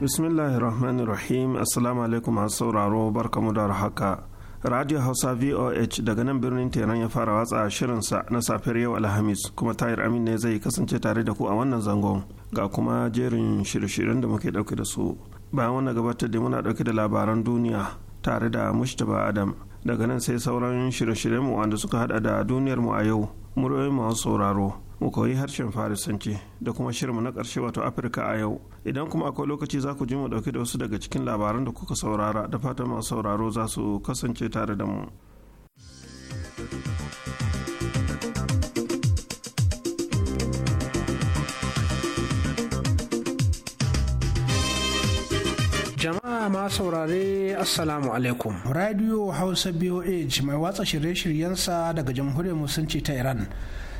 bismillahirrahmanirrahim assalamu alaikum masu sauraro barkamu da haka radio hausa voh daga nan birnin teran ya fara watsa shirinsa na safiyar yau alhamis kuma tahir amin ne zai kasance tare da ku a wannan zangon ga kuma jerin shirye-shiryen da muke dauke da su bayan wannan gabatar da muna dauke da labaran duniya tare da mushtaba adam daga nan sai sauran shirye-shiryen mu wanda suka hada da duniyar mu a yau muryoyin masu sauraro mu koyi harshen farisanci da kuma shirinmu na ƙarshe wato afirka a yau idan kuma akwai lokaci za ku ji mu ɗauki da wasu daga cikin labaran da kuka saurara da fatan masu sauraro za su kasance tare da mu jama'a ma saurare assalamu alaikum radio hausa boh mai watsa shirye-shiryensa daga jamhuriyar musulunci ta iran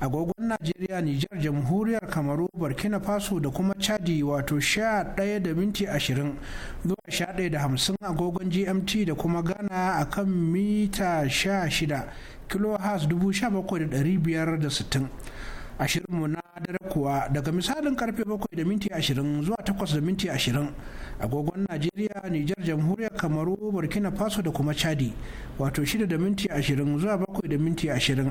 agogon najeriya nijar jamhuriyar kamaru burkina faso da kuma chadi wato ɗaya da minti ashirin zuwa ɗaya da hamsin agogon gmt da kuma ghana a kan mita 16 kilohas 17,560 ashirinmu na dare kuwa daga misalin karfe bakwai da minti ashirin zuwa takwas da minti ashirin agogon najeriya nijar jamhuriyar kamaru burkina faso da kuma chadi wato shida da minti ashirin zuwa bakwai da minti ashirin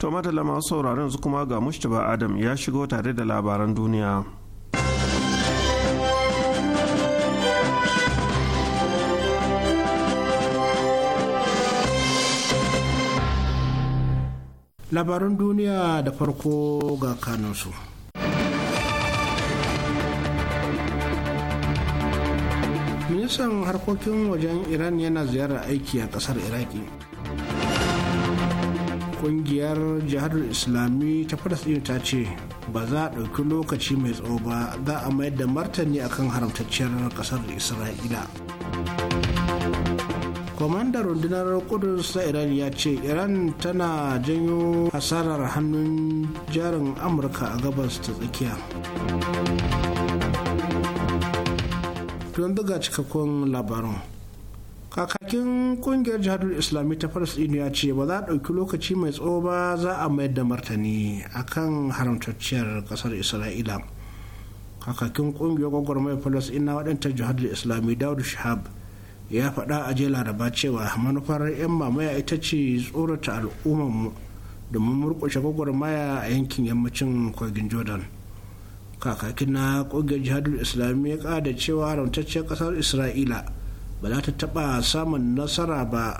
to madalla masu sauraron su kuma ga Mustapha adam ya shigo tare da labaran duniya labaran duniya da farko ga kanunsu ministan harkokin wajen iran yana ziyarar aiki a ƙasar iraki kungiyar jihar islami ta din ta ce ba za a ɗauki lokaci mai tsawo ba za a mayar da martani akan haramtacciyar ƙasar isra'ila kwamandan rundunar kudu ta iran ya ce iran tana janyo hasarar hannun jarin amurka a gabas ta tsakiya don daga cikakkun labarun. kakakin kungiyar jihadul islami ta falasɗinu ya ce ba za a ɗauki lokaci mai tsawo ba za a mayar da martani a kan haramtacciyar ƙasar isra'ila kakakin kungiyar gwagwarmayar na waɗanta jihadul islami daudu shahab ya faɗa a jiya laraba cewa manufar 'yan mamaya ita ce tsorata mu domin murƙushe gwagwarmaya a yankin yammacin kogin jordan kakakin na kungiyar jihadul islami ya ƙada cewa haramtacciyar ƙasar isra'ila ba za ta taɓa samun nasara ba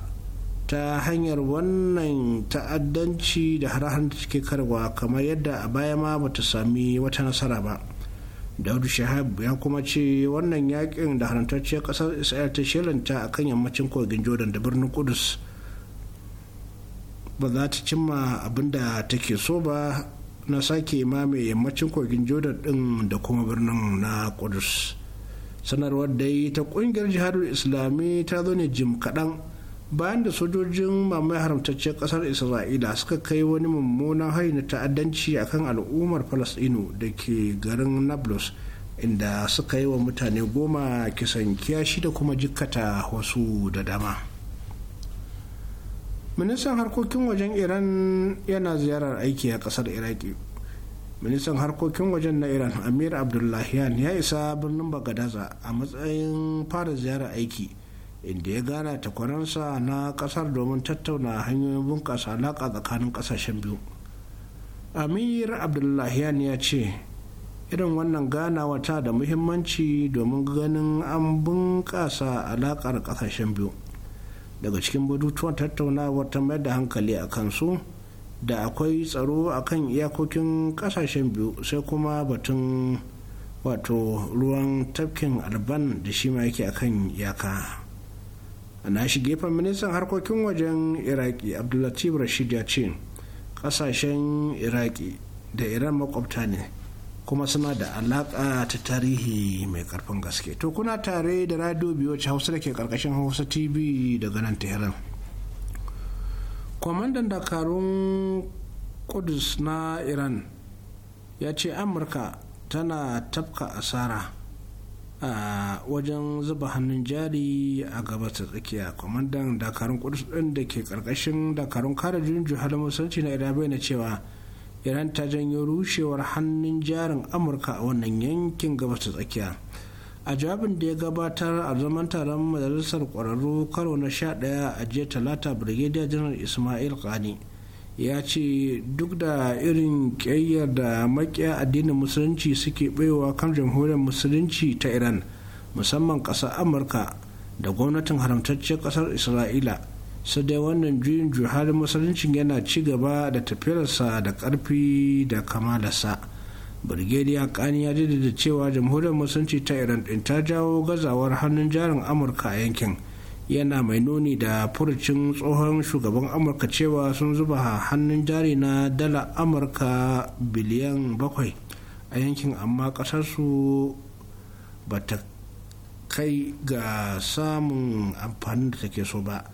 ta hanyar wannan ta'addanci da har da take karwa kamar yadda a baya ma ba ta sami wata nasara ba daudu shahab ya kuma ce wannan yakin da haramtacciyar ƙasar Isra'ila ta shelanta a kan yammacin kogin jordan da birnin kudus ba za ta cimma abin da take so ba na sake mame yammacin kogin jordan din da kuma birnin na kudus sanarwar dai ta kungiyar jihar islami ta zo ne jim kaɗan bayan da sojojin mamaye haramtacciyar ƙasar isra'ila suka kai wani mummunan hari na ta'addanci kan al'ummar falasɗinu da ke garin nablus inda suka yi wa mutane goma kisan kiyashi da kuma jikkata wasu da dama ministan harkokin wajen iran yana ziyarar aiki a ƙasar iraki ministan harkokin wajen na iran amir abdullahian ya isa birnin bagadaza a matsayin fara ziyarar aiki inda ya gana takwaransa na kasar domin tattauna hanyoyin bunƙasa alaƙa tsakanin ƙasashen biyu amir abdullahian ya ce irin wannan ganawa ta da muhimmanci domin ganin an bunƙasa alaƙar ƙasashen biyu daga cikin batutuwan tattaunawar ta mayar da hankali a kansu da akwai tsaro akan iyakokin kasashen biyu sai kuma batun wato ruwan tafkin alban da shi ma yake akan iyaka na shi gefen ministan harkokin wajen iraki abdullatif rashid ya ce kasashen iraki da iran makwabta ne kuma suna da alaƙa ta tarihi mai ƙarfin gaske to kuna tare da radio biyu wacce hausa da ke ƙarƙashin hausa tv daga nan tehran kwamandan dakarun kudus na iran ya ce amurka tana tafka asara a wajen zuba hannun jari a gabas tsakiya kwamandan dakarun kudus din da ke karkashin dakarun kare junju halin musulunci na iran na cewa iran ta janyo rushewar hannun jarin amurka a wannan yankin gabas ta tsakiya a jawabin da ya gabatar a zaman taron majalisar kwararru karo na sha 11 a jiya talata brigadier janar ismail kani ya ce duk da irin ƙyayyar da makiya addinin musulunci suke baiwa kan jamhuriyar musulunci ta iran musamman ƙasar amurka da gwamnatin haramtacciyar ƙasar isra'ila sai dai wannan juyin juhalin musulunci yana ci gaba da tafiyarsa da ƙarfi da kamalarsa. Birgediya Kani ya jaddada cewa jamhuriyar musulunci ta Iran din ta jawo gazawar hannun jarin Amurka a yankin yana mai nuni da furucin tsohon shugaban Amurka cewa sun zuba hannun jari na dala Amurka biliyan bakwai a yankin amma ƙasarsu ba ta kai ga samun amfanin da take so ba.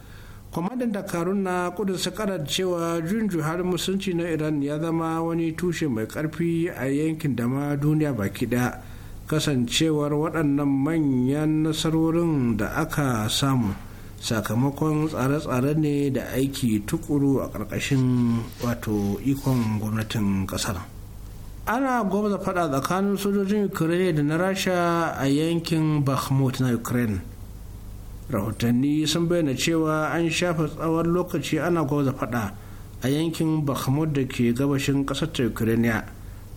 kwamandan dakarun na kudin su cewa junju har musulunci na iran ya zama wani tushe mai karfi a yankin da ma duniya baki daya kasancewar waɗannan manyan nasarorin da aka samu sakamakon tsare-tsare ne da aiki tukuru a ƙarƙashin wato ikon gwamnatin ƙasar ana gwamza faɗa tsakanin sojojin ukraine da na rasha a yankin bakhmut na ukraine rahotanni sun bayyana cewa an shafa tsawon lokaci ana gwauza fada a yankin bakhmut da ke gabashin ƙasar ta ukraine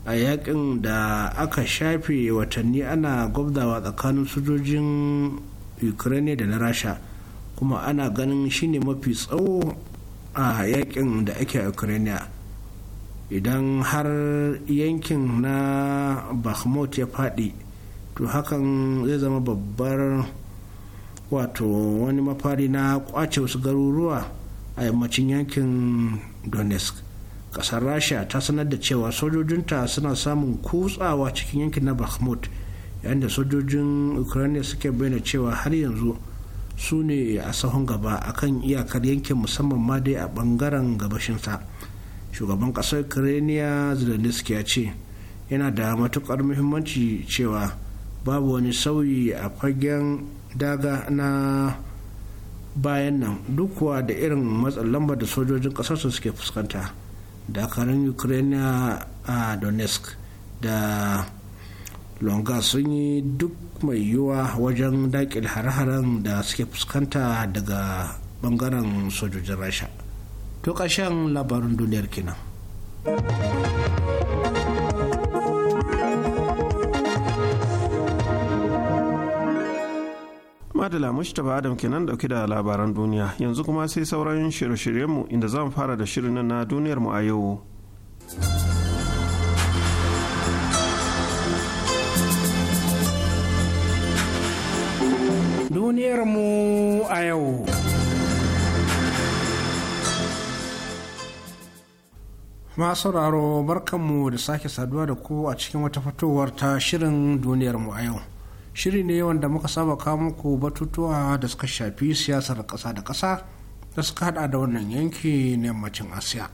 a yakin da aka shafe watanni ana gwabdawa tsakanin sojojin ukraine da na rasha kuma ana ganin shine mafi tsawo a yakin da ake a ukraine idan har yankin na bakhmut ya faɗi to hakan zai zama babbar wato wani mafari na kwace wasu garuruwa a yammacin yankin donetsk kasar rasha ta sanar da cewa sojojinta suna samun kutsawa cikin yankin na bakhmut yayin da sojojin ukraine suke bayyana cewa har yanzu su ne a sahun gaba akan iyakar yankin musamman ma dai a bangaren gabashinsa shugaban kasar ukraine zelensky ya ce yana da matukar muhimmanci cewa babu wani sauyi a fagen daga na bayan nan duk kuwa da irin matsin lambar da sojojin su suke fuskanta dakarun ukraine a donetsk da longa sun yi duk mai yiwuwa wajen daƙil hare-haren da suke fuskanta daga bangaren sojojin rasha to kashen labarin duniyar kinan. Madala Mustapha Adam kenan dauke da labaran duniya yanzu kuma sai sauran shirye-shiryenmu inda zan fara da shirin na duniyar mu a yau. Duniyar mu a yau. barkanmu da sake saduwa da ku a cikin wata fitowar ta shirin duniyar mu a yau. shiri ne wanda muka saba kawo muku batutuwa da suka shafi siyasar ƙasa da ƙasa da suka hada da wannan yanki na yammacin asiya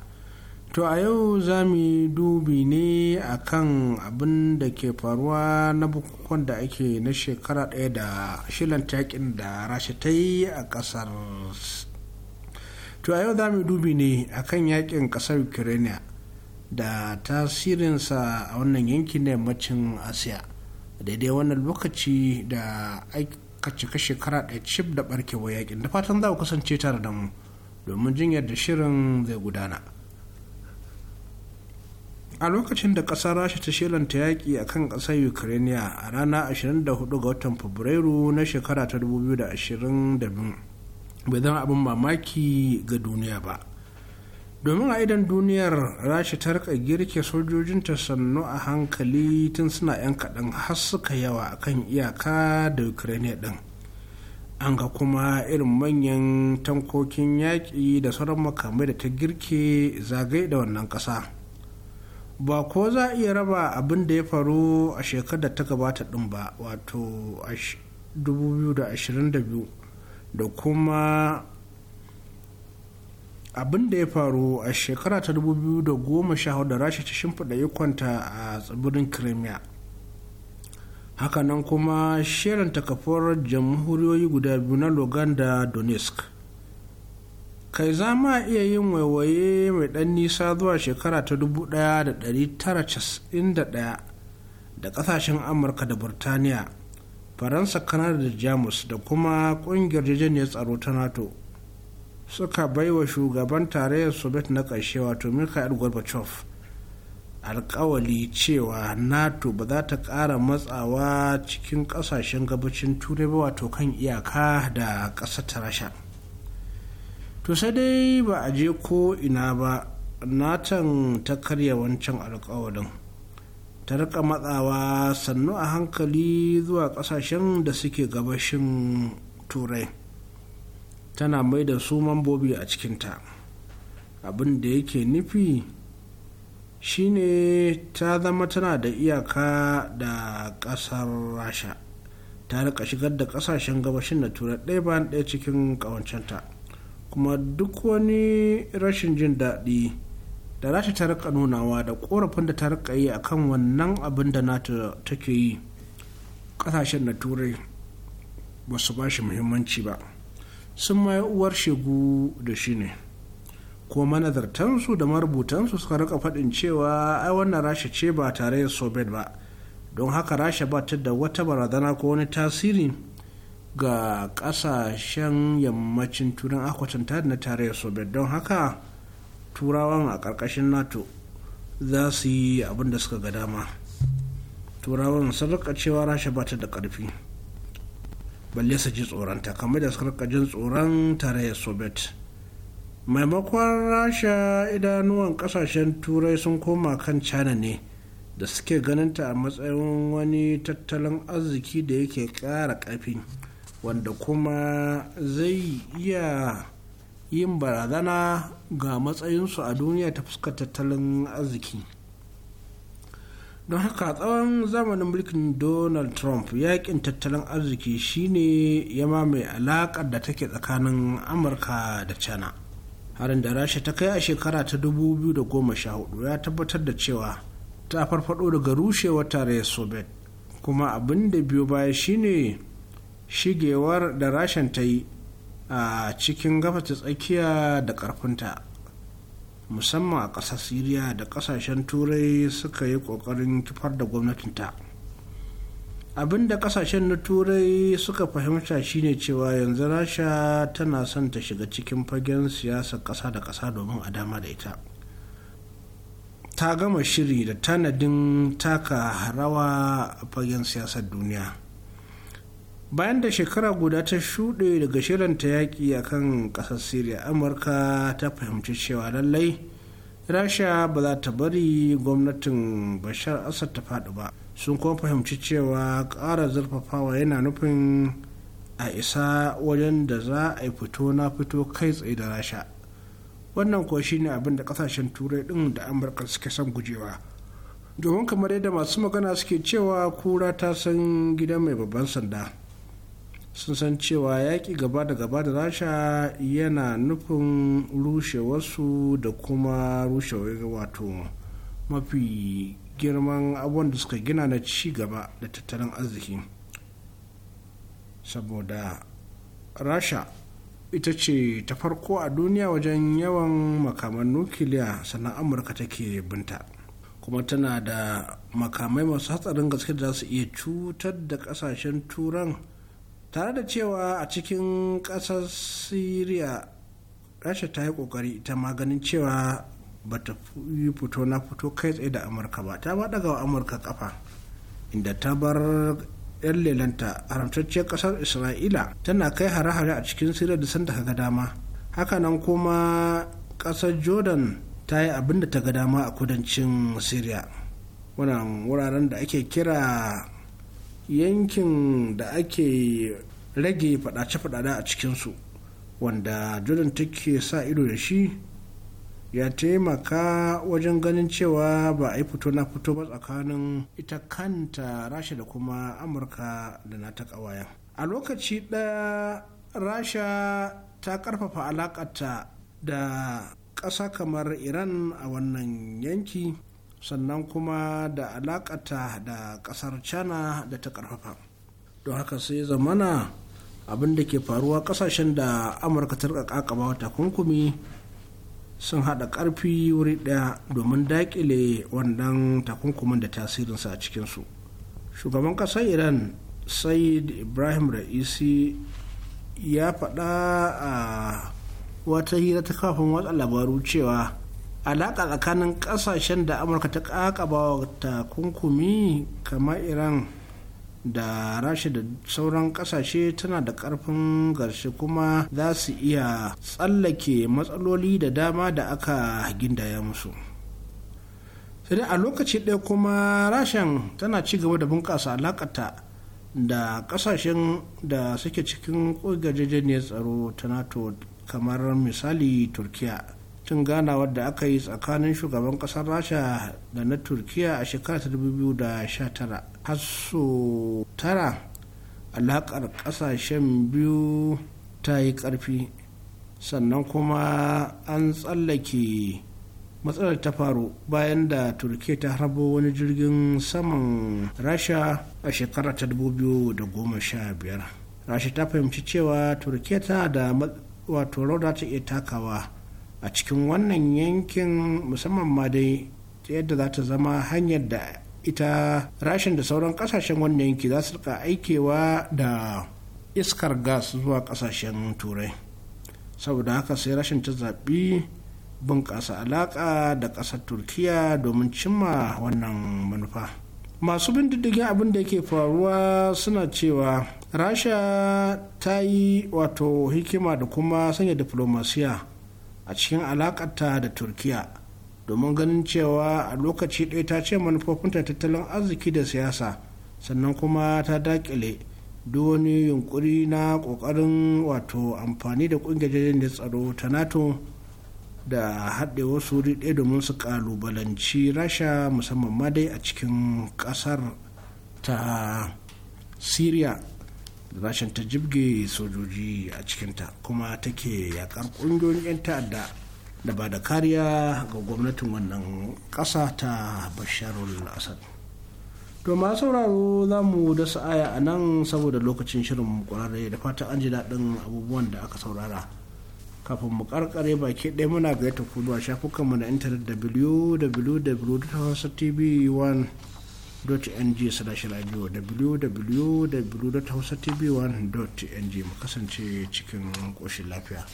to a yau za mu dubi ne a kan abin da ke faruwa na bukukuwan da ake na shekara ɗaya da shilan takin da rasha ta yi a ƙasar to a yau za mu dubi ne a kan yakin ƙasar ukraine da tasirinsa a wannan yanki na yammacin asiya daidai wannan lokaci da aka cika shekara ɗaya cif da barkewa yakin da fatan za ku kasance tare da mu domin jin yadda shirin zai gudana a lokacin da ƙasar rasha ta shelanta yaƙi a kan ƙasar ukraine a rana 24 ga watan fabrairu na shekara ta 2022 bai zama abin mamaki ga duniya ba domin a idan duniyar rashi ta rika girke sojojinta sannu a hankali tun suna 'yan kaɗan har suka yawa akan iyaka da ukraine ɗin an ga kuma irin manyan tankokin yaƙi da sauran makamai da ta girke zagaye da wannan ƙasa ba ko za a iya raba abin da ya faru a shekarar da ta gabata ɗin ba wato 2022 da kuma abin da ya faru a shekara ta 2014 da rasha ta shimfiɗa ikonta a tsibirin crimea hakanan kuma shirin takafar jamhuriyoyi guda biyu na logan da donetsk kai za ma iya yin waiwaye mai dan nisa zuwa shekara ta 1991 da ƙasashen amurka da burtaniya faransa kanada da jamus da kuma ƙungiyar jejeniyar tsaro ta nato suka baiwa shugaban tarayyar soviet na ƙarshe wato mikhail gorbachev alkawali cewa nato ba za ta ƙara matsawa cikin ƙasashen gabacin turai ba wato kan iyaka da ƙasar ta rasha to sai dai ba a je ko ina ba natan ta karya wancan alkawalin ta rika matsawa sannu a hankali zuwa ƙasashen da suke gabashin turai tana mai da su mambobi a cikinta abin da yake nufi shine ta zama tana da iyaka da kasar rasha ta rika shigar da kasashen gabashin da turai ɗaya bayan ɗaya cikin ƙawancenta kuma duk wani rashin jin daɗi da rasha ta rika nunawa da korafin da ta rika yi a kan wannan abin da nata take yi ƙasashen da turai ba su ba shi muhimmanci ba sun ma uwar shegu da shi ne ko manazartansu da marubutansu suka rika faɗin cewa ai wannan rasha ce ba tare da soviet ba don haka rasha ba ta da wata barazana ko wani tasiri ga ƙasashen yammacin turin akwatanta da na tarayyar soviet don haka turawan a ƙarƙashin nato za su yi abin suka ga dama turawan sun rika cewa rasha ba ta da ƙarfi balle su ji tsoronta kamar da suka jin tsoron tarayyar soviet maimakon rasha idanuwan kasashen turai sun koma kan china ne da suke ta a matsayin wani tattalin arziki da yake kara ƙarfi wanda kuma zai iya yin barazana ga matsayinsu a duniya ta fuskar tattalin arziki don haka tsawon zamanin mulkin donald trump yakin tattalin arziki shine ya mamaye alakar da take tsakanin amurka da china harin da rasha ta kai a shekara ta 2014 ya tabbatar da cewa ta farfado daga rushewar tarayyar soviet kuma abin da biyo baya shine shigewar da rashin ta yi a cikin gafata tsakiya da karfinta musamman a ƙasar siriya da ƙasashen turai suka yi ƙoƙarin kifar da gwamnatinta abin da ƙasashen na turai suka fahimta shine cewa yanzu rasha tana son ta shiga cikin fagen siyasar ƙasa da ƙasa domin a dama da ita ta gama shiri da tanadin taka rawa a fagen siyasar duniya bayan da shekara guda ta shuɗe daga shirin ta yaƙi a kan ƙasar syria amurka ta fahimci cewa lallai rasha ba za ta bari gwamnatin bashar asad ta faɗi ba sun kuma fahimci cewa ƙara zurfafawa yana nufin a isa wajen da za a fito na fito kai tsaye da rasha wannan kuwa shine abin da ƙasashen turai ɗin da amurka suke son gujewa domin kamar yadda masu magana suke cewa kura ta san gida mai babban sanda sun san cewa yaƙi gaba da gaba da rasha yana nufin wasu da kuma rushewar wato mafi girman abubuwan da suka gina na ci gaba da tattalin arziki saboda rasha ita ce ta farko a duniya wajen yawan makaman nukiliya sannan amurka take binta kuma tana da makamai masu hatsarin gaske da za su iya cutar da kasashen turan tare da cewa a cikin ƙasar syria rasha ta yi ƙoƙari ita maganin cewa ba ta yi fito na fito kai tsaye da amurka ba ta ba daga amurka kafa inda ta bar yan lelanta haramtacciyar ƙasar isra'ila tana kai hare-hare a cikin syria da sanda ga dama hakanan kuma ƙasar jordan ta yi abin da ta ga dama a kudancin syria wannan wuraren da ake kira yankin da ake rage fadace-fadada a cikinsu wanda jordan take sa ido da shi ya taimaka wajen ganin cewa ba a yi fito na fito ba tsakanin ita kanta rasha da kuma amurka da na ta a lokaci ɗaya rasha ta karfafa alakata da ƙasa kamar iran a wannan yanki sannan kuma da alakata da kasar china da ta karfafa don haka sai zamana abin da ke faruwa kasashen da amurka ta kakaba wata kunkumi sun haɗa ƙarfi wuri ɗaya domin daƙile wannan takunkumin da tasirinsa a cikinsu shugaban ƙasar iran said ibrahim ra'isi ya faɗa a wata hira ta kafin watsa labaru cewa alaƙa tsakanin ƙasashen da amurka ta ƙaƙaba wa takunkumi kamar iran da rasha da sauran ƙasashe tana da ƙarfin garshe kuma za su iya tsallake matsaloli da dama da aka gindaya musu sai a lokaci ɗaya kuma rashin tana ci gaba da bunƙasa alaƙata da ƙasashen da suke cikin ƙungiyar tsaro ta nato kamar misali turkiya tun ganawar da aka yi tsakanin shugaban kasar rasha da na turkiya a shekarar 2019 har so tara alaƙar ƙasashen biyu ta yi karfi sannan kuma an tsallake matsalar ta faru bayan da turkiya ta harbo wani jirgin saman rasha a shekarar ta 2015 rasha ta fahimci cewa turkiya ta da wato rauda ta iya takawa a cikin wannan yankin musamman ma dai yadda za ta zama hanyar da ita rashin da sauran kasashen wannan yanki za su rika aikewa da iskar gas zuwa kasashen turai saboda haka sai rashin ta zaɓi bunƙasa alaƙa da ƙasar turkiya domin cimma wannan manufa masu bin diddigin abin da ke faruwa suna cewa rasha ta yi wato hikima da kuma sanya diplomasiya. a cikin alakarta da turkiya domin ganin cewa a lokaci ɗaya ta ce manufofinta tattalin arziki da siyasa sannan kuma ta dakile duk wani yunkuri na ƙoƙarin wato amfani da ƙungiyar da tsaro ta nato da haɗe wasu ɗaya domin su ƙalubalanci rasha musamman ma dai a cikin ƙasar ta syria da ta jibge sojoji a cikinta kuma take yakar ƙungiyoyin 'yan ta'adda da ba da kariya ga gwamnatin wannan ƙasa ta basharul asad to ma sauraro za mu da sa'aya a nan saboda lokacin shirin kwararre da fatan an ji daɗin abubuwan da aka saurara kafin mu karkare baki ɗaya muna gaita ku a shafukanmu na intanet wwwtv 1 ng slash radio www.hausatv1.ng mu kasance cikin ƙoshin lafiya.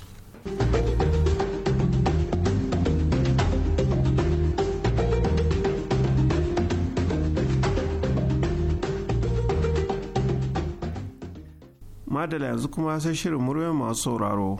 madala yanzu kuma sai shirin murya masu sauraro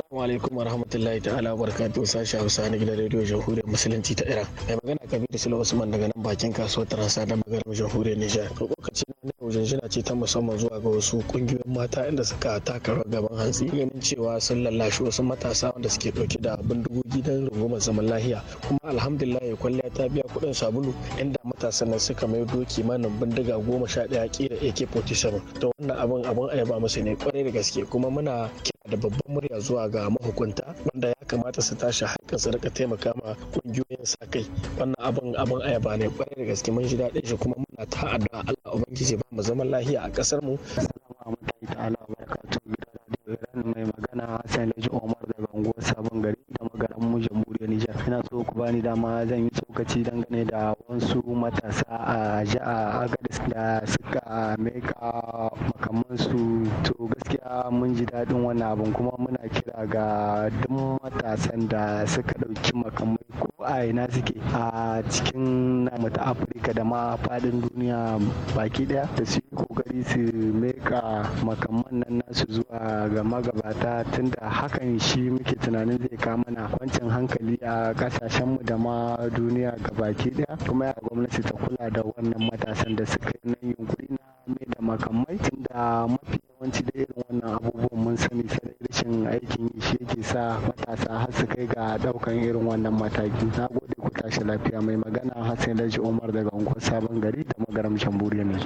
alaikum wa warahmatullahi ta'ala barkatuhu sashi Hausa na gidan rediyo Jamhuriyar Musulunci ta Iran. Mai magana da Silo Usman daga nan bakin kasuwar Taransa da magaram Jamhuriyar Nijar. kokaci na wajen ce ta musamman zuwa ga wasu kungiyoyin mata inda suka taka rawar gaban hantsi ganin cewa sun lallashi wasu matasa wanda suke dauke da bindigogi don rungumar zaman lahiya. Kuma alhamdulillah kwalliya ta biya kuɗin sabulu inda matasan nan suka mai doki manan bindiga goma sha ɗaya ƙira AK-47. To wannan abin abin ayaba musu ne kwarai da gaske kuma muna da babban murya zuwa ga mahukunta wanda ya kamata su tashi haƙƙin su rika taimaka ma kungiyoyin sa kai wannan abin abin ayaba ne kwarai da gaske mun ji daɗin shi kuma muna ta addu'a Allah ubangiji ba mu zaman lafiya a kasar mu assalamu alaikum ala barakatuh gidan radio mai magana Hassan Laji Omar da unguwar Sabon Gari da magaran mu Nijar. Ina so ku bani dama zan yi tsokaci dangane da wasu matasa a jihar Agadez da suka meka makamansu to gaskiya mun ji daɗin wannan abin kuma muna kira ga duk matasan da suka ɗauki makamai ko a ina suke a cikin namu ta Afirka da ma faɗin duniya baki ɗaya da su yi kokari su meka makaman nan nasu zuwa ga magabata tunda hakan shi muke tunanin zai kawo mana kwancin hankali a kasashenmu da ma duniya gabaki daya kuma ya gwamnati ta kula da wannan matasan da suka yi nan yunkuri na mai da makamai da mafi yawanci da irin wannan abubuwan mun sani sai rashin aikin yi shi yake sa matasa har su kai ga daukan irin wannan mataki na gode ku tashi lafiya mai magana hassan laji umar daga unguwar sabon gari da magaramcin buriya ne.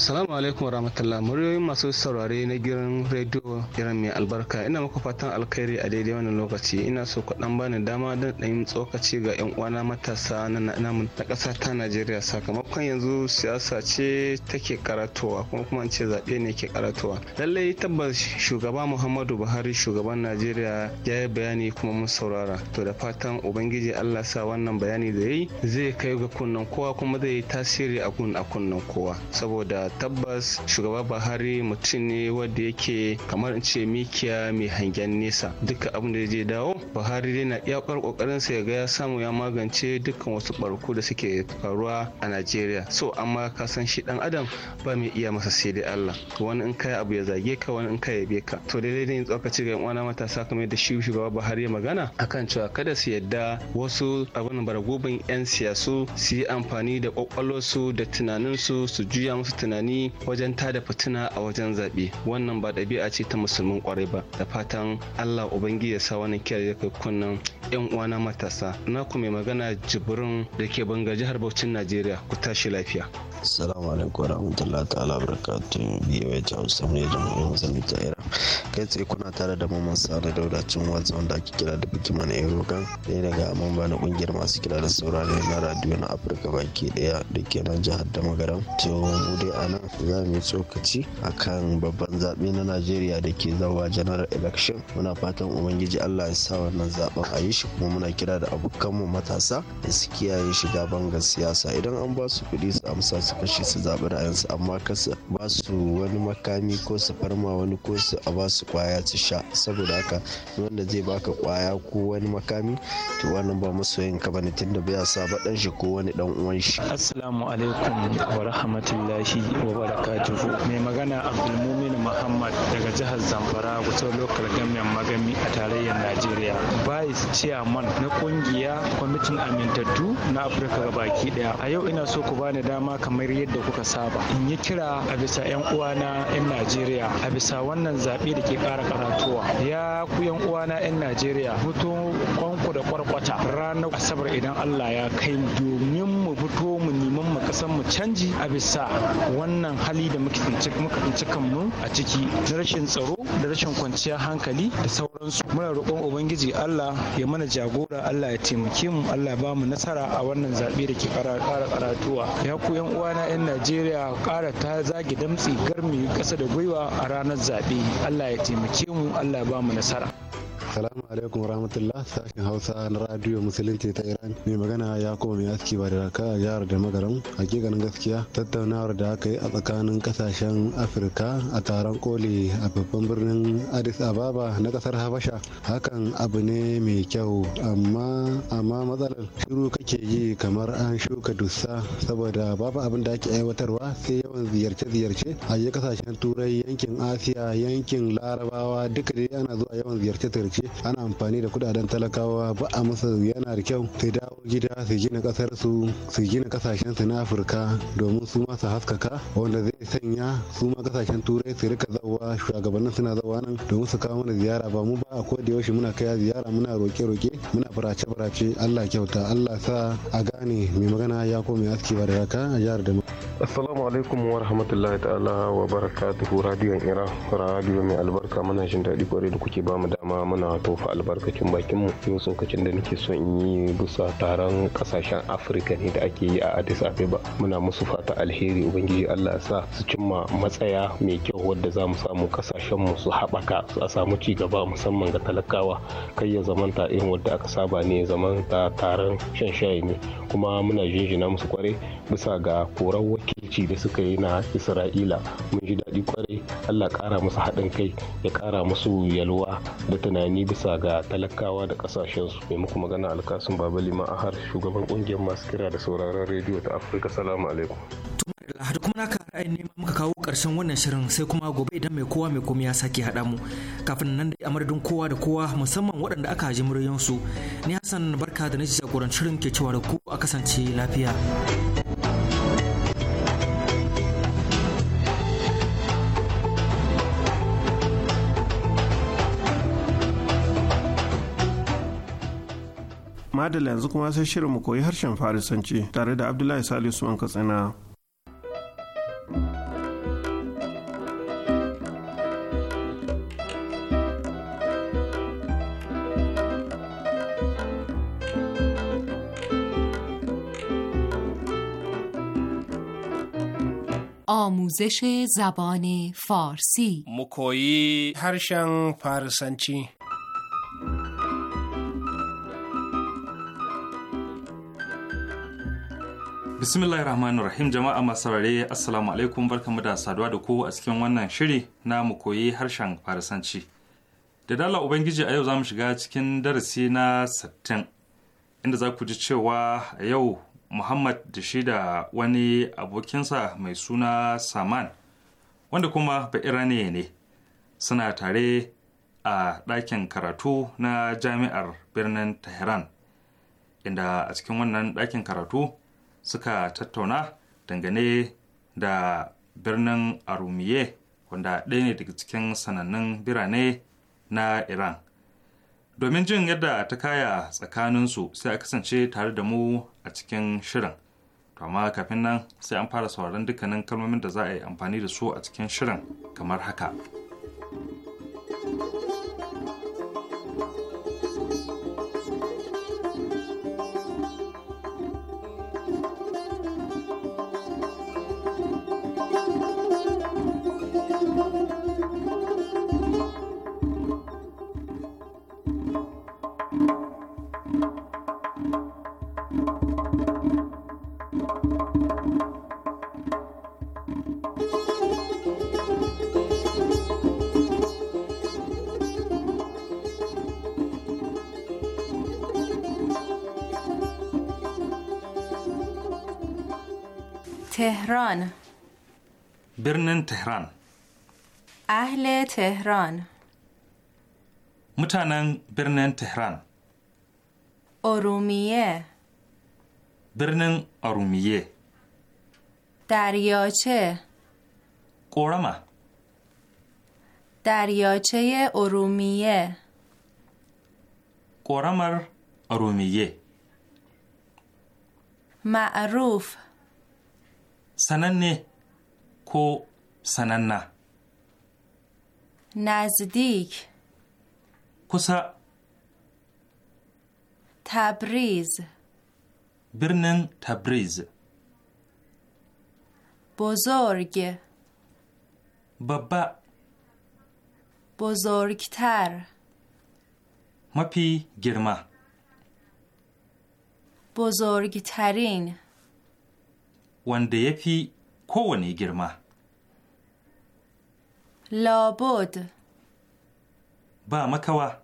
Salamu alaikum wa rahmatullah muryoyin masu saurare na gidan rediyo irin mai albarka ina muku fatan alkhairi a daidai wannan lokaci ina so ku dan bani dama dan dan tsokaci ga yan uwana matasa na namun na ta Najeriya sakamakon yanzu siyasa ce take karatuwa kuma kuma ce zaɓe ne ke karatuwa lallai tabbas shugaba Muhammadu Buhari shugaban Najeriya ya yi bayani kuma mun saurara to da fatan ubangiji Allah sa wannan bayani da yayi zai kai ga kunnan kowa kuma zai yi tasiri a kunnan kowa saboda tabbas shugaba buhari mutum ne wanda yake kamar in ce mikiya mai hangen nesa duka abin da zai dawo buhari dai na iyakar kokarin sa ya ga ya samu ya magance dukkan wasu barku da suke faruwa a najeriya so amma ka san shi dan adam ba mai iya masa sai dai allah wani in kai abu ya zage ka wani in kai ya ka to daidai ne tsokaci ga yan matasa kamar da shi shugaba buhari ya magana akan cewa kada su yadda wasu abin baragubin yan siyasu su yi amfani da kwakwalwarsu da tunaninsu su juya musu tunani tunani wajen tada fitina a wajen zaɓe wannan ba ɗabi'a ce ta musulmin kwarai ba da fatan allah ubangiji ya sa wani kiyar ya kai kunnan yan uwana matasa na ku mai magana jibrin da ke banga jihar Bauchin Najeriya ku tashi lafiya. Assalamu alaikum warahmatullahi ta'ala barakatuh biyu ta Hausa ne jamhuriyar Musulmi ta ira Kai tsaye kuna tare da mamman Sani Dauda cin watsa wanda ake kira da biki mana kan ɗaya daga mamba na kungiyar masu kira da saurari na radio na Afirka baki ɗaya da ke nan jihar da To mu dai a nan za mu yi tsokaci akan babban zaɓe na najeriya da ke zawa general election muna fatan ubangiji allah ya sa wannan zaben a yi shi kuma muna kira da abokanmu matasa da su kiyaye shiga bangar siyasa idan an ba su kuɗi su amsa su kashe su zaɓi ra'ayinsu amma kasa ba su wani makami ko su farma wani ko su a ba su kwaya su sha saboda haka wanda zai baka kwaya ko wani makami to wannan ba masoyin ka bane tunda bai sa ba dan shi ko wani dan uwan shi assalamu alaikum wa rahmatullahi wa mai magana abdulmumin muhammad daga jihar zamfara kusan lokal gamen magami a tarayyar najeriya vice chairman na kungiya kwamitin amintattu na afirka baki daya a yau ina so ku bani dama kamar yadda kuka saba in yi kira a bisa yan uwana yan najeriya a bisa wannan zaɓe da ke ƙara karatuwa ya ku yan uwana yan najeriya fito kwanku da kwarkwata ranar asabar idan allah ya kai domin mu fito mu neman mu kasan mu canji a bisa wannan hali da muka fice kanmu a ciki na rashin tsaro da rashin kwanciyar hankali da sauransu muna roƙon ubangiji allah ya mana jagora allah ya taimake mu allah ba mu nasara a wannan zaɓe da ke ƙara karatuwa ya ku yan uwana yan najeriya ƙara ta zage damtsi garmi ƙasa da gwiwa a ranar zaɓe allah ya taimake mu allah ya ba mu nasara Salamu alaikum rahmatullah sashen Hausa na radio Musulunci ta Iran. Mai magana ya kuma mai aski ba da raka a jihar da magaram. Hakikanin gaskiya tattaunawar da aka yi a tsakanin kasashen Afirka a taron koli a babban birnin Addis Ababa na kasar Habasha. Hakan abu ne mai kyau amma amma matsalar shiru kake yi kamar an shuka dusa saboda babu abin da ake aiwatarwa sai yawan ziyarce-ziyarce a kasashen turai yankin asiya yankin larabawa duka dai ana zuwa yawan ziyarce-ziyarce ce ana amfani da kudaden talakawa ba a masa yana da kyau sai dawo gida su gina kasar su su gina kasashen su na afirka domin su ma haskaka wanda zai sanya su ma kasashen turai su rika zawa shugabannin suna zawa nan domin su kawo mana ziyara ba mu ba a koda yaushe muna kai ziyara muna roke-roke muna farace-farace allah kyauta allah sa a gane mai magana ya ko mai aski ba da raka a jihar da assalamu alaikum wa rahmatullahi ta'ala wa barakatuhu radiyon ira radiyo mai albarka muna jin daɗi kwarai da kuke ba mu dama muna tofa albarkacin bakin mu yau tsokacin da nake so in yi bisa taron kasashen afirka ne da ake yi a addis ababa muna musu fata alheri ubangiji allah sa su cimma matsaya mai kyau wadda za mu samu mu su haɓaka su a samu ci gaba musamman ga talakawa kai ya zamanta irin wadda aka saba ne ya zamanta taron shan shayi ne kuma muna jinjina musu kwarai bisa ga koran wakilci da suka yi na isra'ila mun ji daɗi kwarai allah ƙara musu haɗin kai ya ƙara musu yalwa da tunani bisa ga talakawa da ƙasashensu mai muku magana alkasun baba liman ahar shugaban ƙungiyar masu kira da sauraron rediyo ta afirka salamu alaikum har kuma na ka ra'ayin neman muka kawo karshen wannan shirin sai kuma gobe idan mai kowa mai komai ya sake haɗa mu kafin nan da madadin kowa da kowa musamman waɗanda aka ji muryansu ni hassan barka da na jagorancin shirin ke cewa da ku a kasance lafiya. madala yanzu kuma sai shirin mu koyi harshen farisanci tare da abdullahi salisu an katsina آموزش زبان فارسی مکویی هرشن فارسنچی Bismillahir Rahmanir Rahim jama'a masu saurare Assalamu alaikum barkamu da saduwa da ku a cikin wannan shiri na mu koyi harshen Farisanci. Da dala Ubangiji a yau za mu shiga cikin darasi na sittin inda za ku ji cewa a yau Muhammad da shi da wani abokinsa mai suna Saman wanda kuma ba'irane ne suna tare a ɗakin karatu na jami'ar birnin Tehran inda a cikin wannan ɗakin karatu suka tattauna dangane da birnin arumiye wanda ɗaya ne daga cikin sanannun birane na iran domin jin yadda ta kaya tsakaninsu sai a kasance tare da mu a cikin shirin to amma kafin nan sai an fara sauran dukkanin kalmomin da za a yi amfani da su a cikin shirin kamar haka. برنن تهران اهل تهران متانن برنن تهران ارومیه برنن ارومیه دریاچه قورما دریاچه ارومیه قرمر ارومیه معروف سننه کو سننه نزدیک کسا تبریز برنن تبریز بزرگ بابا بزرگتر مپی گرما بزرگترین wanda ya fi kowane girma. Labod. Ba makawa.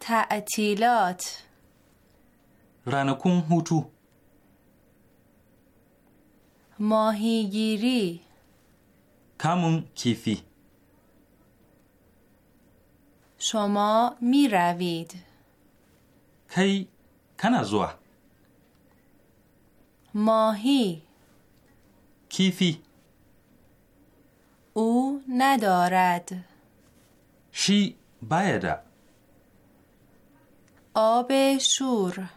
taatilot Ranakun hutu. Mahigiri. Kamun kifi. Shoma miravid. Kai, kana zuwa. ماهی کیفی او ندارد شی باید آب شور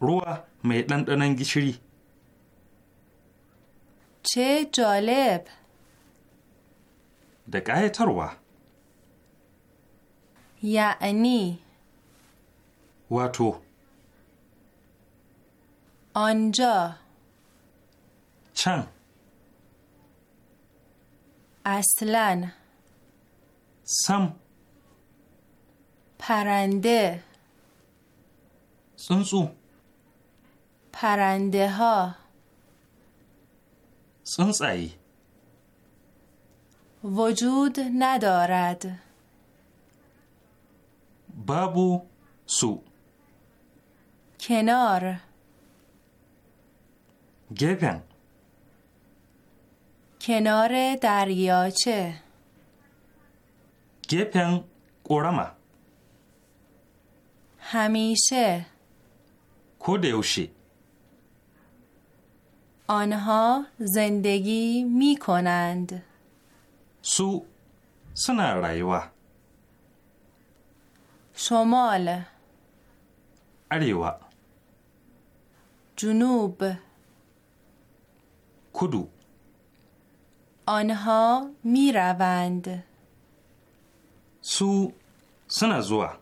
روح میدن دننگی شری چه جالب دکه تروه یعنی واتو آنجا چن اصلا سم پرنده سنسو پرنده ها وجود ندارد بابو سو کنار گپن کنار دریاچه گپن قرما همیشه کودوشی آنها زندگی می کنند سو سنا رایوا شمال اریوا جنوب کدو آنها می روند سو سنزوا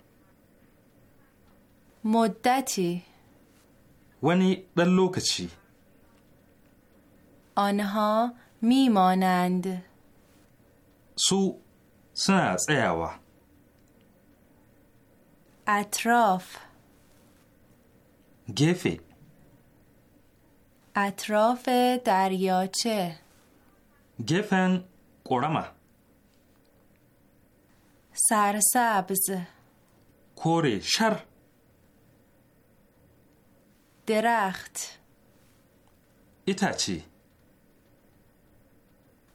مدتی ونی لوکچی آنها می مانند سو از ایوا اطراف گفه اطراف دریاچه گفن قرمه سرسبز کوری شر درخت ایتاچی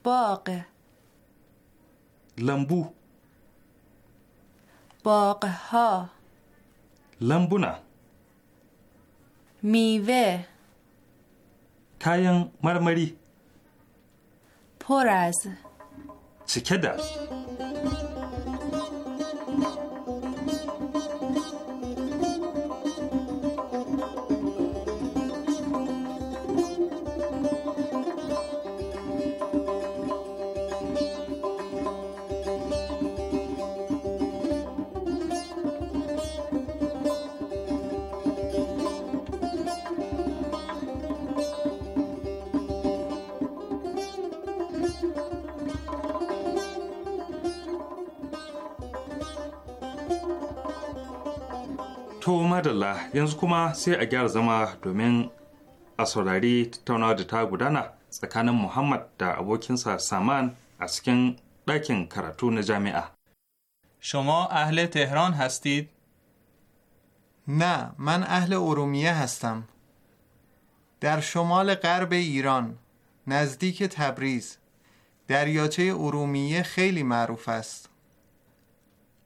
باغ لمبو باغ ها لمبونا میوه kayan marmari. Poras. Cike da. madalla yanzu kuma sai a gyara zama domin a saurari tattaunawa da ta gudana tsakanin Muhammad da abokinsa Saman a cikin ɗakin karatu na jami'a. شما اهل تهران هستید؟ نه من اهل ارومیه هستم در شمال غرب ایران نزدیک تبریز دریاچه ارومیه خیلی معروف است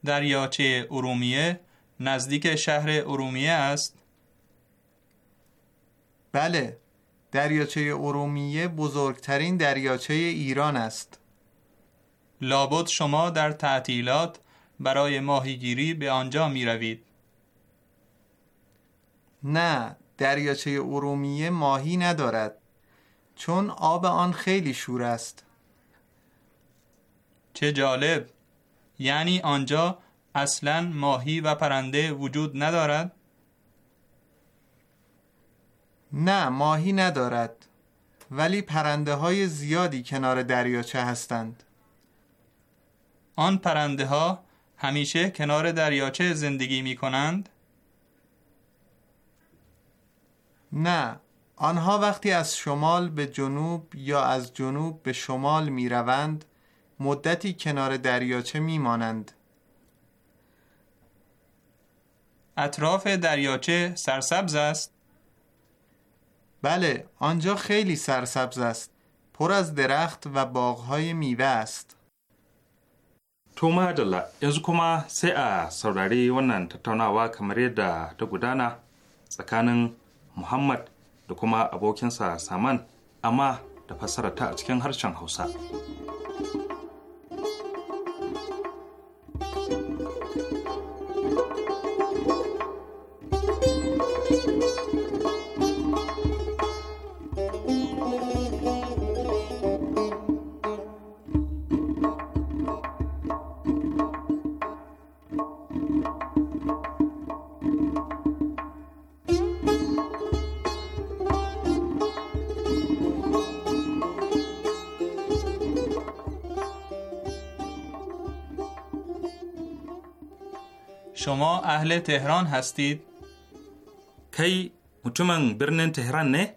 دریاچه ارومیه نزدیک شهر ارومیه است؟ بله دریاچه ارومیه بزرگترین دریاچه ایران است لابد شما در تعطیلات برای ماهیگیری به آنجا می روید نه دریاچه ارومیه ماهی ندارد چون آب آن خیلی شور است چه جالب یعنی آنجا اصلا ماهی و پرنده وجود ندارد؟ نه ماهی ندارد ولی پرنده های زیادی کنار دریاچه هستند آن پرنده ها همیشه کنار دریاچه زندگی می کنند؟ نه آنها وقتی از شمال به جنوب یا از جنوب به شمال می روند مدتی کنار دریاچه می مانند اطراف دریاچه سرسبز است؟ بله، آنجا خیلی سرسبز است. پر از درخت و باغهای میوه است. To madalla, yanzu kuma sai a saurari wannan tattaunawa kamar yadda ta gudana tsakanin Muhammad da kuma abokinsa Saman, amma da fassarata a cikin harshen Hausa. شما اهل تهران هستید؟ کی مطمئن برنن تهران نه؟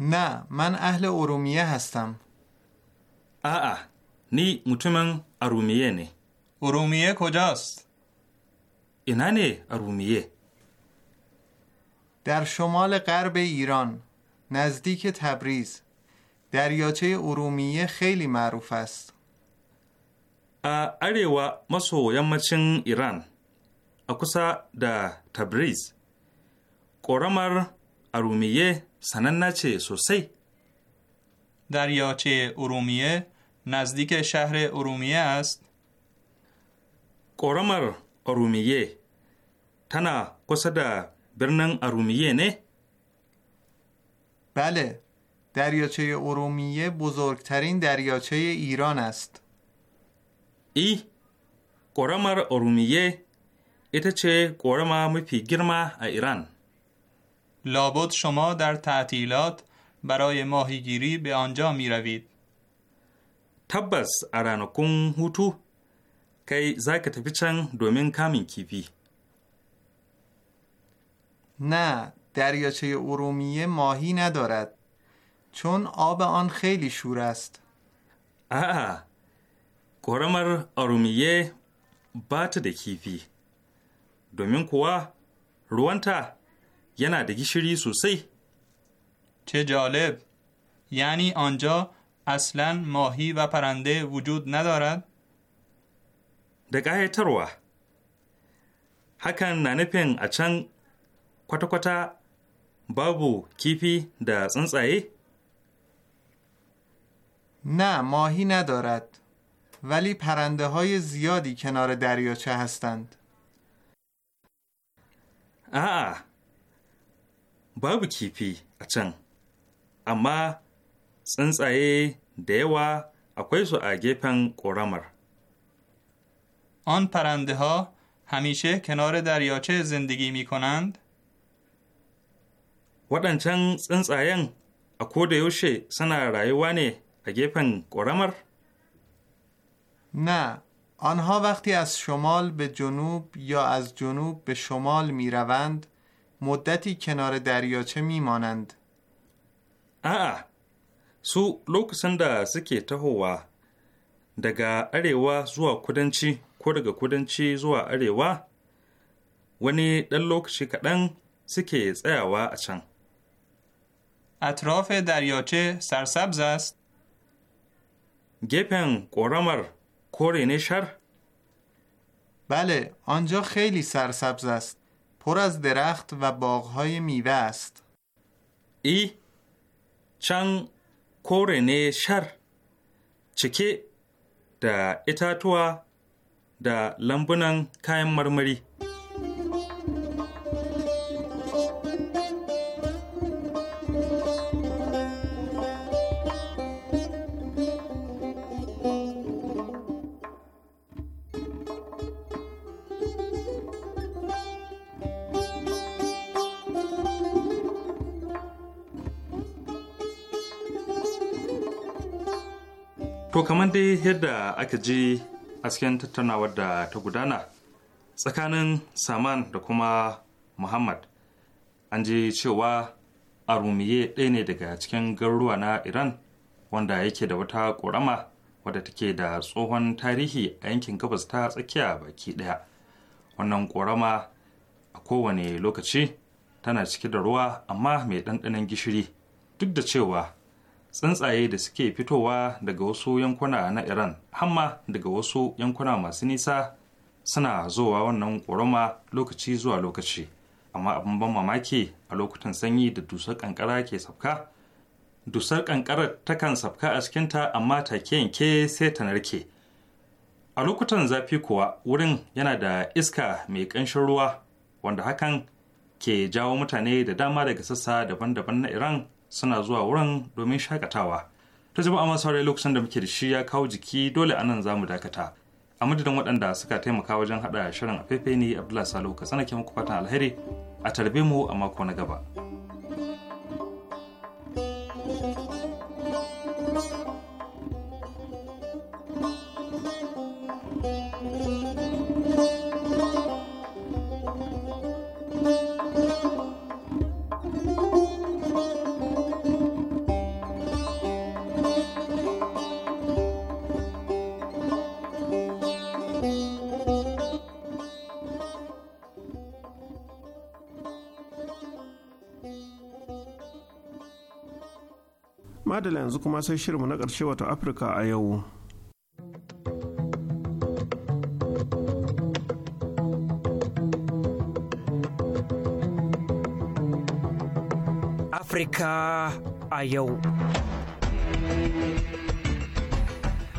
نه من اهل ارومیه هستم آه نی مطمئن ارومیه نه ارومیه کجاست؟ این نه ارومیه در شمال غرب ایران نزدیک تبریز دریاچه ارومیه خیلی معروف است a arewa maso yammacin Iran a kusa da Tabriz. ƙoramar ارومیه سنن چه سوسی دریاچه ارومیه نزدیک شهر ارومیه است قرمر ارومیه تنا قصد برنن ارومیه نه بله دریاچه ارومیه بزرگترین دریاچه ایران است ای e, ƙoramar ارومیه ita ce ƙorama mafi girma ایران. لابد شما در تعطیلات برای ماهیگیری به آنجا می روید. تبس ارانکون هوتو کی زاک تفی چن دومین کامین کیفی. نه دریاچه ارومیه ماهی ندارد چون آب آن خیلی شور است. آه ƙoramar arumiye ba ta da kifi domin kuwa ruwanta yana da gishiri sosai چه جالب یعنی آنجا اصلا ماهی و پرنده وجود ندارد da ƙayatarwa hakan na nufin a can kwata-kwata babu kifi da tsuntsaye? na mahi na dorad ولی پرنده های زیادی کنار دریاچه هستند آه بابو کیپی اچن اما سنسای ای دیوا اکویسو اگه پنگ قرامر آن پرنده ها همیشه کنار دریاچه زندگی می کنند ودن چنگ سنس اکو دیوشه سنه رایوانه اگه پنگ قرامر نه آنها وقتی از شمال به جنوب یا از جنوب به شمال می روند مدتی کنار دریاچه می مانند آه سو لوک دا سکه تهوه اره و زوا کدنچی. کدگا کدنچی زوا اره و ونی دل لوک kaɗan suke tsayawa و اطراف دریاچه سرسبز است. گپن قرمر کره بله آنجا خیلی سرسبز است پر از درخت و باغهای میوه است ای چنگ کره شر چکه در اتاتوا در لمبنان کایم مرمری dai yadda aka ji a cikin tattaunawar da ta gudana tsakanin saman da kuma muhammad an ji cewa arumiye ɗaya ne daga cikin garuruwa na iran wanda yake da wata ƙorama wadda take da tsohon tarihi a yankin gabas ta tsakiya baki ɗaya wannan ƙorama a kowane lokaci tana cike da ruwa amma mai ɗanɗanon gishiri duk da cewa tsuntsaye da suke fitowa daga wasu yankuna na iran hamma daga wasu yankuna masu nisa suna zowa wannan ƙorama lokaci zuwa lokaci amma abin ban mamaki a lokutan sanyi da dusar ƙanƙara ke sabka dusar ƙanƙarar takan sabka a cikinta amma ta yanke sai ta narke a lokutan zafi kuwa wurin yana da iska mai ƙanshin ruwa wanda hakan ke jawo mutane da dama daga sassa daban-daban na iran suna zuwa wurin domin shakatawa ta jama'a masu saurari lokacin da muke da shi ya kawo jiki dole a nan za mu dakata a madadin waɗanda suka taimaka wajen haɗa shirin a faifai ne abdullahi salo ka ke muku fatan alheri a tarbe mu a mako na gaba. madala yanzu kuma sai shirinmu na ƙarshe wata afirka a yau afirka a yau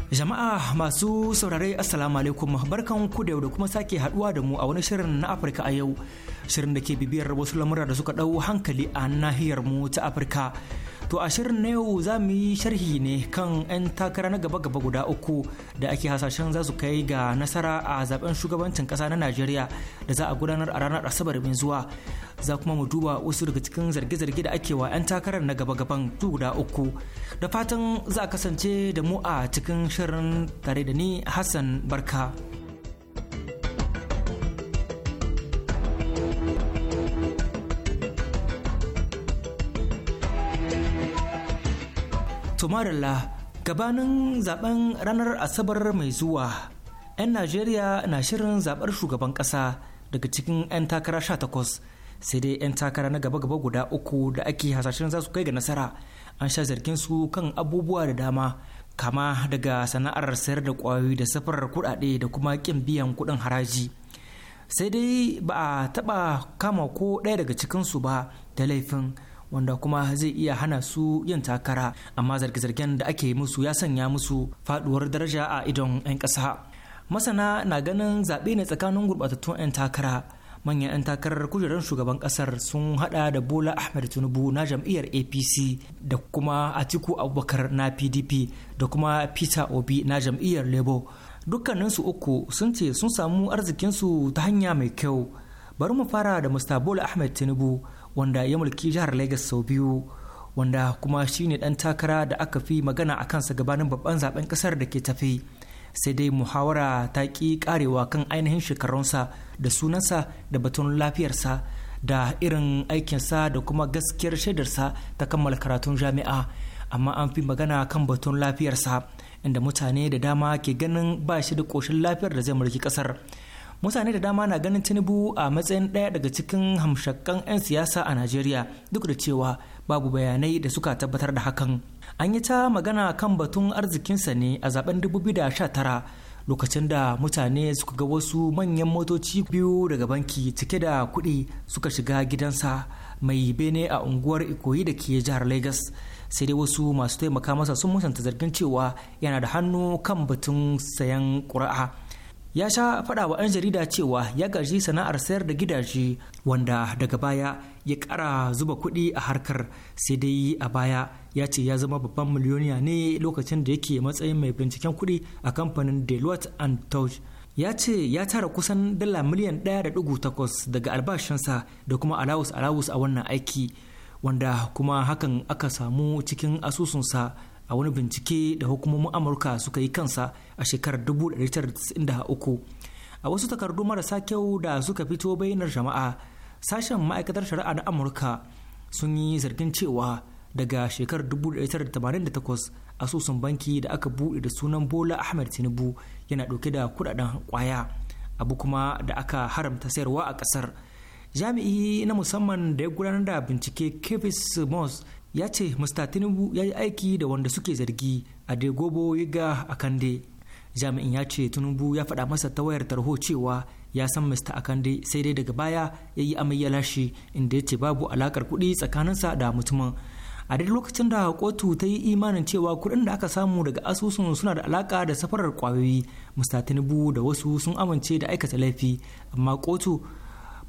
Jama'a masu saurare Assalamu alaikum barkan ku da yau da kuma sake haduwa da mu a wani shirin na Afirka a yau shirin da ke bibiyar wasu lamura da suka ɗau hankali a nahiyar mu ta Afirka To a shirin na yau za mu yi sharhi ne kan 'yan takara na gaba-gaba guda uku da ake hasashen za su kai ga nasara a zaben shugabancin kasa na Najeriya da za a gudanar a ranar Asabar min zuwa. Za kuma mu duba wasu daga cikin zarge-zarge da ake wa 'yan takarar na gaba-gaban guda uku. Da fatan za a kasance da mu a cikin shirin tare da ni Hassan Barka. tumarilla gabanin zaben ranar asabar mai zuwa 'yan najeriya na shirin zaɓar shugaban ƙasa daga cikin 'yan takara sha takwas sai dai 'yan takara na gaba-gaba guda uku da ake hasashen za su kai ga nasara an sha zargin su kan abubuwa da dama kama daga sana'ar sayar da kwayoyi da safarar kuɗaɗe da kuma ƙin biyan kuɗin haraji sai dai ba a taɓa kama ko ɗaya daga cikinsu ba da laifin wanda kuma zai iya hana su yin takara amma zarge-zargen da ake musu ya sanya musu faduwar daraja a idon 'yan ƙasa masana na ganin zaɓe ne tsakanin gurɓatattun 'yan takara manyan 'yan takarar kujerar shugaban ƙasar sun haɗa da bola ahmed tinubu na jam'iyyar apc da kuma atiku abubakar na pdp da kuma peter obi na jam'iyyar labour dukkaninsu uku sun ce sun samu arzikinsu ta hanya mai kyau bari mu fara da mr bola ahmed tinubu wanda ya mulki jihar Legas sau biyu wanda kuma shine ɗan takara da aka fi magana a kansa gabanin babban zaben ƙasar da ke tafi sai dai muhawara ta ƙi ƙarewa kan ainihin shekarunsa da sunansa da batun lafiyarsa da irin aikinsa da kuma gaskiyar shaidarsa ta kammala karatun jami'a amma an fi magana kan batun lafiyarsa inda mutane da dama ke ganin ba shi da ƙoshin lafiyar da zai mulki ƙasar mutane da dama na ganin tinubu a matsayin ɗaya daga cikin hamshakkan 'yan siyasa a najeriya duk da cewa babu bayanai da suka tabbatar da hakan an yi ta magana kan batun arzikinsa ne a zaben 2019 lokacin da mutane suka ga wasu manyan motoci biyu daga banki cike da kuɗi suka shiga gidansa mai bene a unguwar ikoyi da ke jihar lagos sai dai wasu masu taimaka masa sun musanta zargin cewa yana da hannu kan batun sayan ƙuri'a ya sha faɗa wa 'yan jarida cewa ya gaji sana'ar sayar da gidaje wanda daga baya ya kara zuba kuɗi a harkar sai dai a baya ya ce ya zama babban miliyoniya ne lokacin da yake matsayin mai binciken kuɗi a kamfanin deloitte and touch ya ce ya tara kusan dala miliyan 1.8 daga albashinsa da kuma alawus alawus a wannan aiki wanda kuma hakan aka samu cikin asusunsa a wani bincike da hukumomin amurka suka yi kansa a shekarar 1993 a wasu takardu marasa kyau da suka fito bayyanar jama'a sashen ma'aikatar shari'a na amurka sun yi zargin cewa daga shekarar 1988 asusun banki da aka buɗe da sunan bola ahmed tinubu yana ɗauke da kudaden kwaya abu kuma da aka haramta sayarwa a ƙasar jami'i na musamman da ya gudanar da bincike kevis moss ya ce mr tinubu ya yi aiki da wanda suke zargi a degobo yiga kande jami'in ya ce tinubu ya faɗa masa ta wayar tarho cewa ya san mr akande sai dai daga baya ya yi amai ya lashe inda ya ce babu alakar kuɗi tsakaninsa da mutumin a duk lokacin da kotu ta yi imanin cewa kuɗin da aka samu daga asusun suna da alaka da safarar kwayoyi mr tinubu da wasu sun amince da aikata laifi amma kotu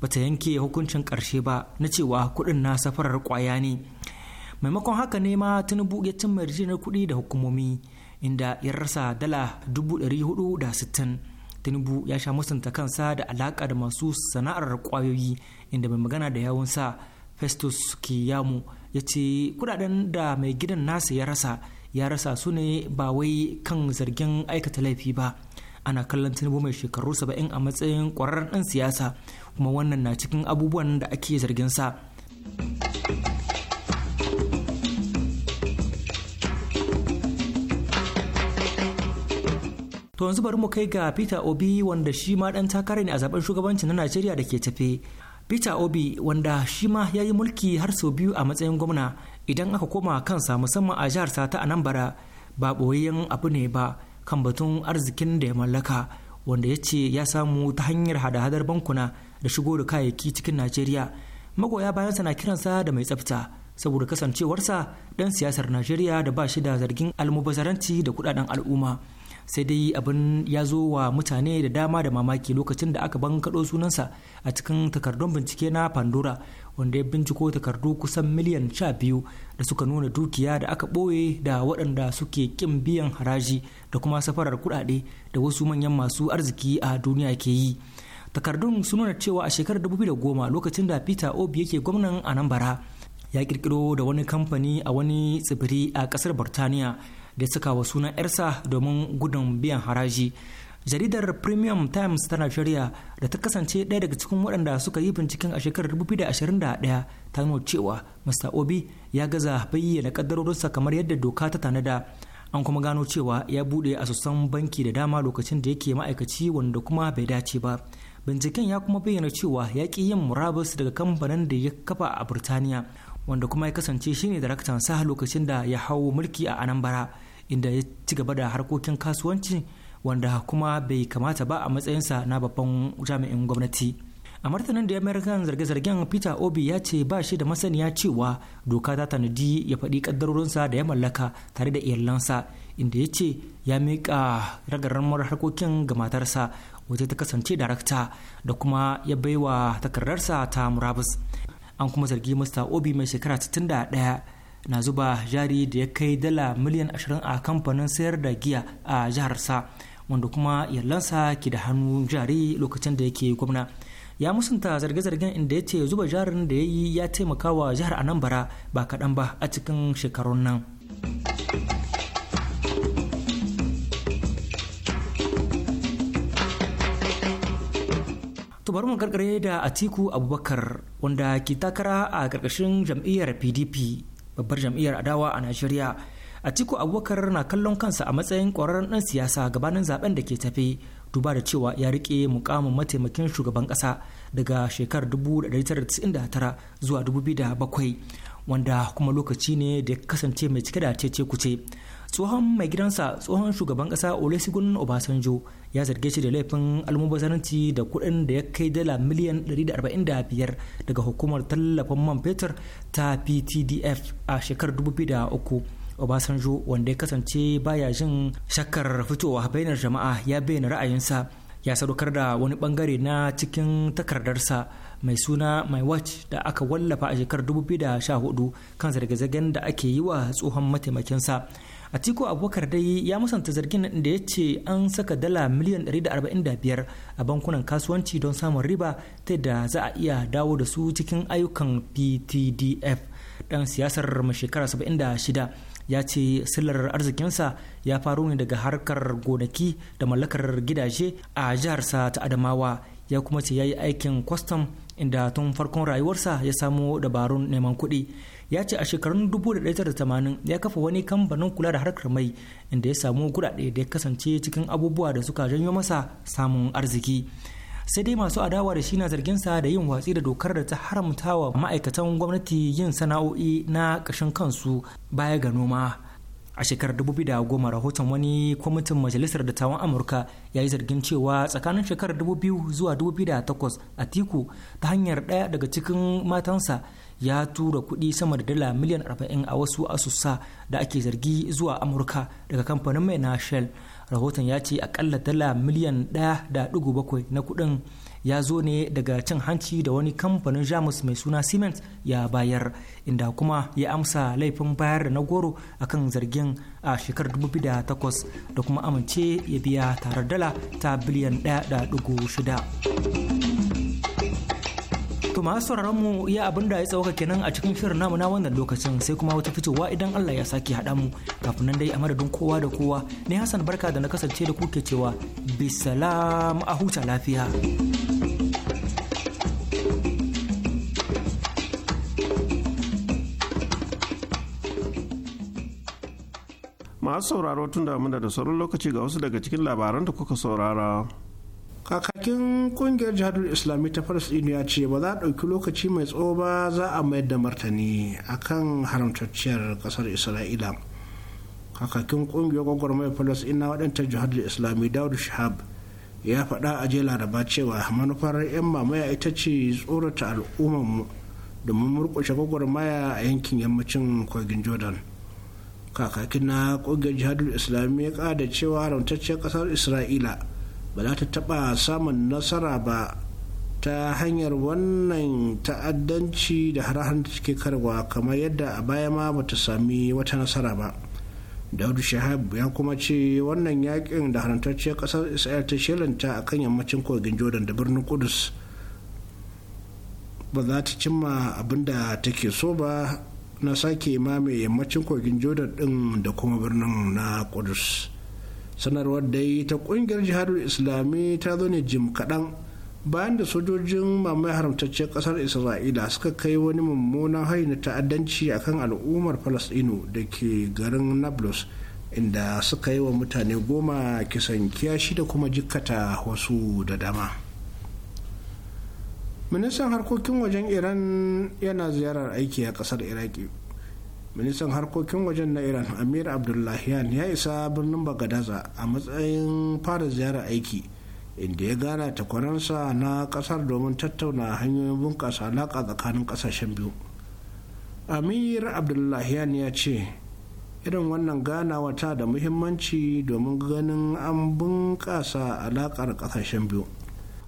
bata yanke hukuncin ƙarshe ba na cewa kuɗin na safarar ƙwaya ne maimakon haka ne ma tinubu ya cimma na kuɗi da hukumomi inda ya rasa dala dubu ɗari hudu da sittin tinubu ya sha musanta kansa da alaƙa da masu sana'ar ƙwayoyi inda mai magana da sa festus kiyamu ya ce kuɗaɗen da mai gidan nasa ya rasa ya rasa su ne ba wai kan zargin aikata laifi ba ana kallon tinubu mai shekaru saba'in a matsayin kwararren ɗan siyasa kuma wannan na cikin abubuwan da ake zargin sa to yanzu bari mu kai ga peter obi wanda shi ma ɗan takara ne a zaben shugabancin na najeriya da ke tafe peter obi wanda shi ma ya yi mulki har sau biyu a matsayin gwamna idan aka koma kansa musamman a jihar ta anambra ba ɓoyayyen abu ne ba kan batun arzikin da ya mallaka wanda ya ce ya samu ta hanyar hada-hadar bankuna da shigo da kayayyaki cikin najeriya magoya bayansa na kiransa da mai tsafta saboda kasancewarsa dan siyasar najeriya da ba shi da zargin almubazaranci da kudaden al'umma sai dai abin ya zo wa mutane da dama da mamaki lokacin da aka ban kaɗo sunansa a cikin takardun bincike na pandora wanda ya binciko takardu kusan miliyan sha biyu da suka nuna dukiya da aka ɓoye da waɗanda suke ƙin biyan haraji da kuma safarar kuɗaɗe da wasu manyan masu arziki a duniya ke yi takardun sun nuna cewa a shekarar 2010 lokacin da peter obi yake gwamnan anambra ya kirkiro da wani kamfani a wani tsibiri a ƙasar burtaniya da suka wa sunan 'yarsa domin gudun biyan haraji jaridar premium times ta nigeria da ta kasance ɗaya daga cikin waɗanda suka yi binciken a shekarar 2021 ta nuna cewa mr obi ya gaza bayyana kaddarorinsa kamar yadda doka ta tanada an kuma gano cewa ya buɗe asusan banki da dama lokacin da yake ma'aikaci wanda kuma bai dace ba binciken ya kuma bayyana cewa ya ƙi yin murabus daga kamfanin da ya kafa a burtaniya wanda kuma ya kasance shine daraktan sa lokacin da ya hau mulki a anambra inda ya ci gaba da harkokin kasuwanci wanda kuma bai kamata ba a matsayinsa na babban jami'in gwamnati a martanin da ya mayar zarge-zargen peter obi ya ce ba shi da masaniya cewa doka ta tanadi ya faɗi ƙaddarorinsa da ya mallaka tare da iyalansa inda ya ce ya miƙa ragararmar harkokin ga matarsa waje ta kasance darakta da kuma ya baiwa takardarsa ta murabus an kuma zargi mr obi mai shekara 61 na zuba jari da ya kai dala miliyan 20 a kamfanin sayar da giya a sa wanda kuma yallansa ke da hannu jari lokacin da yake gwamna ya musanta zarge-zargen inda ya ce zuba jarin da ya yi ya taimaka wa jihar anambra ba kaɗan ba a cikin shekarun nan To bari mu karkare da Atiku Abubakar wanda ke takara a karkashin jam'iyyar PDP babbar jam'iyyar adawa a najeriya atiku abubakar na kallon kansa a matsayin ƙwararren ɗan siyasa gabanin zaben da ke tafe duba da cewa ya riƙe mukamin mataimakin shugaban ƙasa daga shekarar 1999 zuwa 2007 wanda kuma lokaci ne da ya kasance mai cike da cece kuce tsohon mai gidansa tsohon shugaban kasa olusegun obasanjo ya zarge shi da laifin almubazaranci da kuɗin da ya kai dala miliyan 145 daga hukumar tallafin man fetur ta ptdf a shekarar 2003 obasanjo wanda ya kasance baya jin shakkar fitowa bainar jama'a ya bayyana ra'ayinsa ya sadaukar da wani bangare na cikin takardarsa mai suna my watch da aka wallafa a shekarar 2014 kan zarge-zargen da ake yi wa tsohon mataimakinsa Atiku Abubakar dai ya musanta zargin da ya ce an saka dala miliyan 145 a bankunan kasuwanci don samun riba ta da za a iya dawo da su cikin ayyukan PTDF. Dan siyasar mai shekara 76 ya ce sillar arzikinsa ya faro ne daga harkar gonaki da mallakar gidaje a jiharsa ta Adamawa ya kuma ce ya yi aikin kwastam inda tun farkon rayuwarsa ya samu dabarun neman kuɗi ya ce a shekarun 1980 ya kafa wani kamfanin kula da harkar mai inda ya samu kuɗaɗe da ya kasance cikin abubuwa da suka janyo masa samun arziki sai dai masu adawa da shi na zargin sa da yin watsi da dokar da ta haramtawa ma'aikatan gwamnati yin sana'o'i na ƙashin kansu baya ga noma a shekarar 2010 rahoton wani kwamitin majalisar dattawan amurka ya yi zargin cewa tsakanin shekarar 2000 zuwa 2008 tiku ta hanyar ɗaya daga cikin matansa ya tura kuɗi sama da dala miliyan 40 a wasu asusa da ake zargi zuwa amurka daga kamfanin mai na shell rahoton ya ce akalla dala miliyan 1.7 na kuɗin ya zo ne daga cin hanci da wani kamfanin jamus mai suna siemens ya bayar inda kuma ya amsa laifin bayar da na goro kan zargin a shekarar 2008 da kuma amince ya biya tare dala ta biliyan 1.6 To masu sauraron mu iya abin da ya tsawaka kenan a cikin shirin namu na wannan lokacin sai kuma wata fitowa idan Allah ya sake haɗa mu kafin nan dai a madadin kowa da kowa ne Hassan barka da na kasance da kuke cewa bisalam a huta lafiya. masu sauraro tun da da sauran lokaci ga wasu daga cikin labaran da kuka saurara. kakakin kungiyar jihadar islami ta falasɗinu ya ce ba za a ɗauki lokaci mai tsawo ba za a mayar da martani kan haramtacciyar ƙasar isra'ila kakakin kungiyar gwagwarmayar ina waɗanta jihadar islami dawud shahab ya faɗa a jela laraba cewa manufar 'yan mamaya ita ce tsorata al'ummarmu domin murƙushe gwagwarmaya a yankin yammacin kogin jordan kakakin na ƙungiyar jihadul islami ya ƙada cewa haramtacciyar kasar isra'ila ba za ta taɓa samun nasara ba ta hanyar wannan ta'addanci da har da take karwa kamar yadda a baya ma ba ta sami wata nasara ba daudu shahab ya kuma ce wannan yakin da harantacciyar kasar isra'il ta shelanta a kan yammacin kogin jordan da birnin kudus ba za ta cimma abin da take so ba na sake mame yammacin kogin jordan din da kuma birnin na kudus sanarwar dai ta kungiyar jihadul islami ta zo ne jim kaɗan bayan da sojojin mamaye haramtacciyar ƙasar isra'ila suka kai wani mummunan hari na ta'addanci akan al'ummar falasɗinu da ke garin nablus inda suka yi wa mutane goma kisan kiyashi da kuma jikkata wasu da dama ministan harkokin wajen iran yana ziyarar aiki a ƙasar iraki ministan harkokin wajen na iran amir abdullahian ya isa birnin bagadaza a matsayin fara ziyarar aiki inda ya gana takwaransa na kasar domin tattauna hanyoyin bunƙasa alaƙa tsakanin ƙasashen biyu amir abdullahian ya ce irin wannan ganawa ta da muhimmanci domin ganin an bunƙasa alaƙar ƙasashen biyu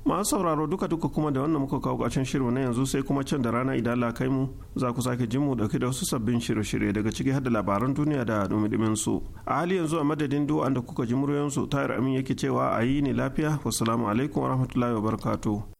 masu sauraro duka duka kuma da wannan muka kawo ƙarshen shirin na yanzu sai kuma can da rana idan la kai mu za ku sake jin mu dauke da wasu sabbin shirye-shirye daga ciki har da labaran duniya da dumidimin su a hali yanzu a madadin duwa da kuka ji muryoyin su tayar amin yake cewa a yi ne lafiya wassalamu alaikum warahmatullahi wabarakatuh